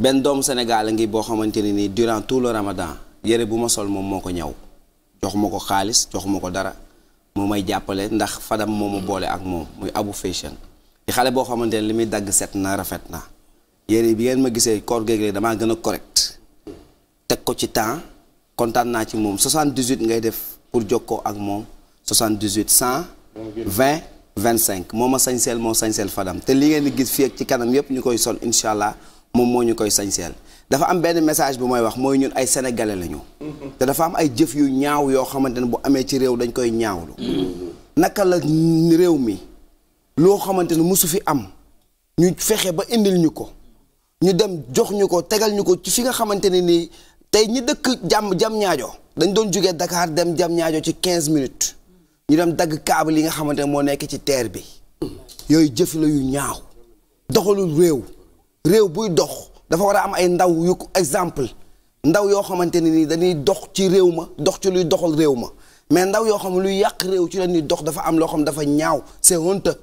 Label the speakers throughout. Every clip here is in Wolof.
Speaker 1: benn doomu Sénégal ngi boo xamante ne nii durant tout le ramadan yére bu ma sol moom moo ko ñaw jox ma ko xaalis joxuma ko dara moom may jàppale ndax fadam moo mu boole ak moom muy abu fashion xale boo xamante ne li muy dagg set na rafet na yére bi ngeen ma gisee koor géeg damaa gën a correct teg ko ci temps kontaan naa ci moom 78 ngay def pour ko ak moom 78 100 20 25 moo ma sañseel moo sañseel fadam te li ngeen gis fii ci kanam yépp ñu koy sol incha allah moom moo ñu koy sañseel dafa am benn message bu mooy wax mooy ñun ay sénégalais lañu. te dafa am ay jëf yu ñaaw yoo xamante ne bu amee ci réew dañ koy ñaawlu. naka la réew mi loo xamante ne su fi am ñu fexe ba indil ñu ko ñu dem jox ñu ko tegal ñu ko ci fi nga xamante ne nii tey ñi dëkk jàmm jam ñaajo dañ doon jógee dakaar dem jam ñaajo ci 15 minutes ñu dem dagg câble yi nga xamante ne moo nekk ci terre bi yooyu jëf la yu ñaaw doxalul réew. réew buy dox dafa war a am ay ndaw yu exemple ndaw yoo xamante ne ni dañuy dox ci réew ma dox ci luy doxal réew ma mais ndaw yoo xam luy yàq réew ci la ñuy dox dafa am loo xam dafa ñaaw c'est honteux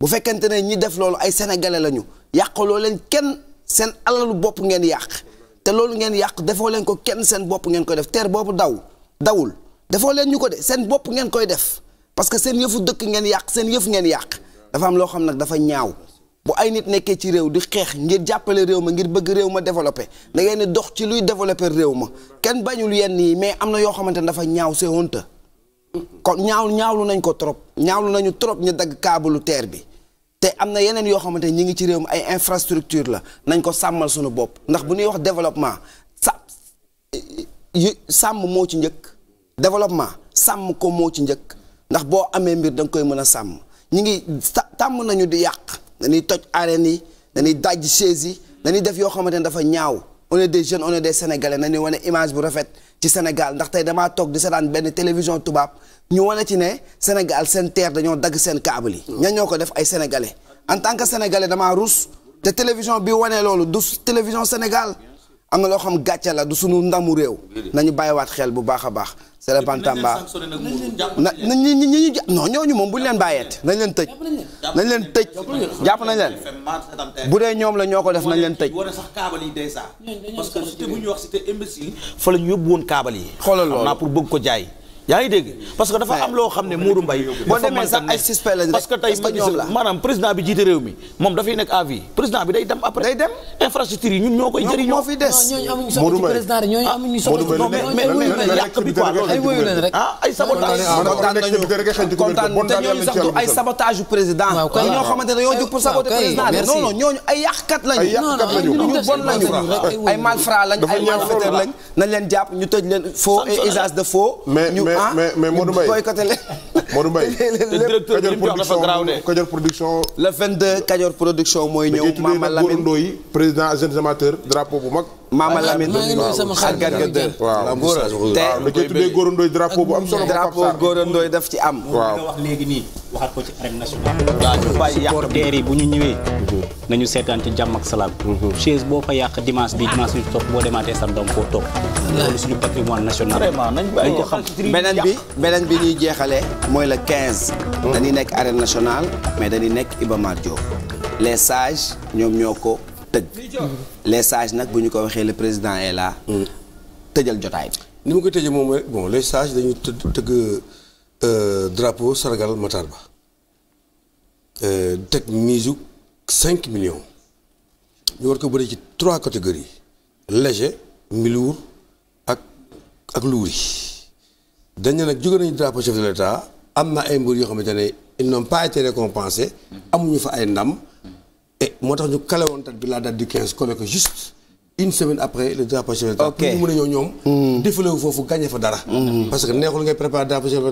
Speaker 1: bu fekkente ne ñi def loolu ay sénégalais lañu yàqaloo leen kenn seen alalu bopp ngeen yàq te loolu ngeen yàq defoo leen ko kenn seen bopp ngeen koy def teer boobu daw dawul defoo leen ñu ko de seen bopp ngeen koy def parce que seen yëfu dëkk ngeen yàq seen yëf ngeen yàq dafa am loo xam nag dafa ñaaw bu ay nit nekkee ci réew di xeex ngir jàppale réew ma ngir bëgg réew ma développé da ngeen di dox ci luy développé réew ma kenn bañul yenn yi mais am na yoo xamante ne dafa ñaaw c'est honte kon ñaaw ñaawlu nañ ko trop ñaawlu nañu trop ñu dagg kaabulu teer bi te am na yeneen yoo xamante ni ñi ngi ci réew mi ay infrastructure la nañ ko sàmmal suñu bopp ndax bu ñuy wax développement sa sàmm moo ci njëkk développement sàmm ko moo ci njëkk ndax boo amee mbir da nga koy mën a sàmm ñi ngi tàmm nañu di yàq dañuy toj arène yi dañuy daj chaise yi dañuy def yoo xamante ne dafa ñaaw on de des jeunes on est des sénégalais nañuy wane image bu rafet ci Sénégal ndax tey dama toog di seetaan benn télévision tubaab ñu wane ci ne Sénégal seen terre dañoo dagg seen câble yi. ña ñoo ko def ay sénégalais en tant que sénégalais damaa rus te télévision bi wane loolu du télévision Sénégal. am na loo xam gàcce la du suñu ndamu réew. nañu bàyyiwaat xel bu baax a baax. Serekantamba na na ñi ni ñu jàpp non moom bu ñu leen bàyyeet nañ leen tëj. nañ leen tëj jàpp nañ leen bu dee ñoom la ñoo ko def nañ leen tëj. parce que bu ñuy wax cité imbécile fa la ñu yóbbu woon kaabal yi. xoolal loolu pour bëgg ko jaay. yaa ngi dégg parce que dafa am loo xam ne Mourou Mbaye boo demee sax ay suspect la parce maanaam président bi jiite réew mi moom dafay nekk à président bi day dem infrastructure yi ñun ñoo koy jëriñoo ñoo fi des ah, ay sabotage kontaan nañu sax ñoo xamante ne yoo jóg pour saboter président non ñooñu ay yàqkat lañu lañu ay malfrat lañ ay malfaiteur lañ nañ leen jàpp ñu tëj leen faux et de faux mais ah, mais mais Modou Mbaye boycotté leen. Modou Mbaye directeur bi li mu dafa garaaw de Kajoor production le 22 Kajoor production mooy ñëw Mama Lamine la ngay tuddee góorandoo yi président drapeau bu mag. Maama Lamine ak Garga 2 waaw te góor ndooy drapeau bu am solo drapeau góor ndooy daf ci am waaw nga wax léegi nii waxaat ko ci arène nationale waaw ñu bàyyi yi bu ñu ñëwee mhm. nañu seetaan ci jàmm ak salaam mhm. chaise boo fa yàq dimanche bi dimanche bi toog boo demaatee sa doom koo toog loolu suñu patrimoine national dañ ko xam beneen bi beneen bi ñuy jeexalee mooy le 15 mhm. dañuy nekk arène national mais dañuy nekk Iba Mar Diop les sages ñoom ñoo ko tëj les sages nag bu ñu ko waxee le président est là mm. tëjal jotaay bi ni ma koy tëjee moom mooy bon les sages dañu të tëgg euh, drapeau sargal Matar Ba euh, teg mise cinq millions ñu war ko bëri ci trois catégories léger mi-lourd ak ak lourd yi dañ ne nag jóge nañu drapeau chef de l'État am na ay mbir yoo xamante ne ils n'ont pas été récompensés mm-hmm. amuñu fa ay ndam et moo tax ñu kale woon bi la date du 15 collé juste une semaine après le drapeau chef ok pour ñu mën a ñoom. Hmm. défulé foofu gagné fa dara. Hmm. parce que neexul ngay préparer drapeau chef